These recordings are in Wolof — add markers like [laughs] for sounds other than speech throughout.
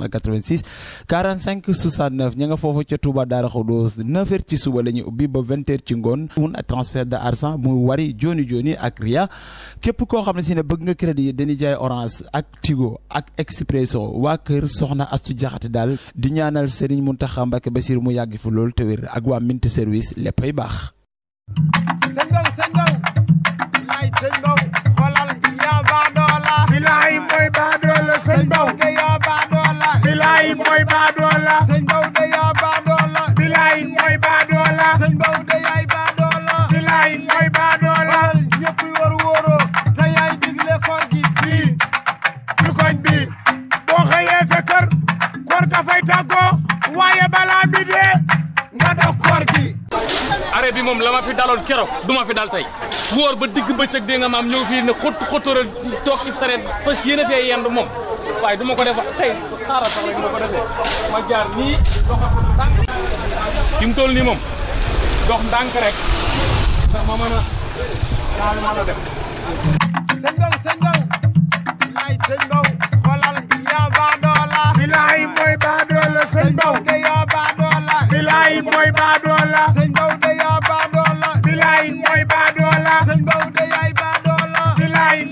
386 45 69 ña nga foofu ca Touba Daara Khoudous 9h ci suba la ñuy ubbi ba 20h ci ngoon. mun transfert de argent muy wari joni joni ak Ria képp koo xam ne si ne bëgg nga crédit dañuy jaay Orange ak Tigo ak Expresso waa kër Soxna Astu Jaxate daal di ñaanal Serigne Mountakha Mbacké Bassir mu yàgg fi lool te wér ak waa Mint service léppay baax. sëñ Ndao sëñ Ndao bilaay mooy baadoola sëñ Daouda yaa baadoola bilaay mooy baadoola sëñ Daouda yaay baadoola bilaay mooy yaay digle koor gi fii ci koñ bi boo xëyee sa kër koor ka waaye balaa bi dee nga dog koor gi arrêt moom la ma fi daloon keroog du ma fi dal tey wóor ba digg bëccëg dee nga maam ñëw fii ne xott xottóoral toog ci sareet fas yéene fee moom waaye du ma ko def tey xaaral sax rek ma ko defee ma jaar nii dox ndànk fi mu toll nii moom dox ndànk rek ndax ma mën a daal mën a def sëñ Mbow sëñ Mbow laay sëñ Mbow xoolal yaa baadoola bilaay mooy baadoola sëñ Mbow de yaa baadoola bilaay mooy baadoola sëñ Mbow de yaa baadoola bilaay mooy baadoola sëñ Mbow de yaay baadoola bilaay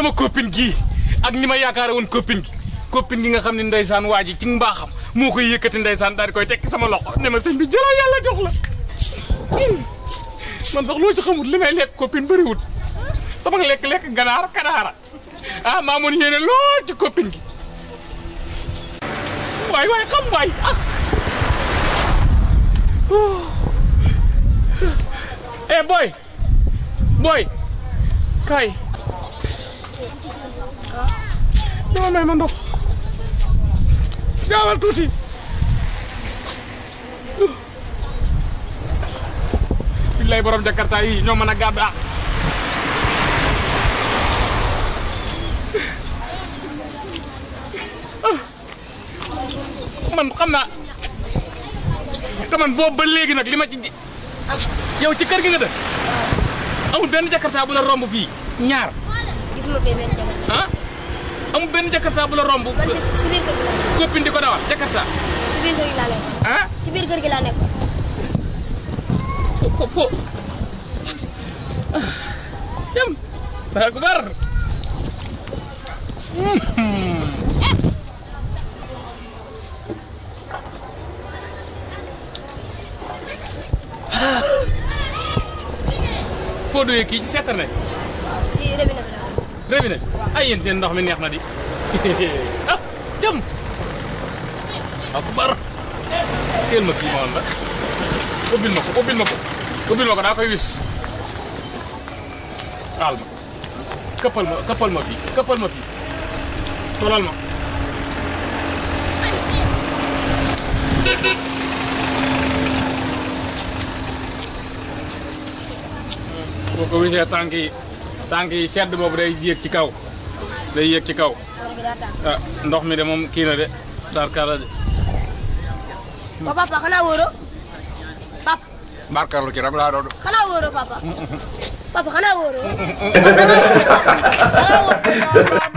sama copine gii ak ni ma yaakaare woon copine gi copine gi nga xam ne ndeysaan waa ji ci mbaaxam moo koy yëkkati ndeysaan daal di koy tekki sama loxo ne ma sëñ bi jëlal yàlla jox la man sax loo ci xamut li may lekk copine bëriwut sama lekk-lekk ganaar kanaara ah maa mun yéene lool ci gi waay waay xam waay ah boy boy kaay dama may ma ndox gaawal tuuti billaay borom jakarta yi ñoo mën a gàdd ah man xam naa te man ba léegi nag li ma ci yow ci kër gi nga dëkk amul benn jakarta bu la romb fii ñaar gis am benn jakarta bu romb. man si ko dawal jakarta. si kër gi laa nekk. ah si kër gi laa nekk. fo fo dem ba ko gar. foo ne. robinet ay yéen seen ndox mi neex na di [laughs] ah jëm akbar teel ma kii ma woon la ubbil ma ko ubbil ma ko ubbil ma ko daa koy wis taal ma këppal ma këppal ma fii këppal ma fii solal ma boo ko wisee tànk yi tànk yi sedd boobu day yéeg ci kaw day yéeg ci kaw ah, ndox mi de moom kii na de tarkala de. ko oh, papa xanaa wóoroo papa. barkarlu rek laa doon. xanaa wóoroo papa. [laughs] papa xanaa wóoroo. [laughs]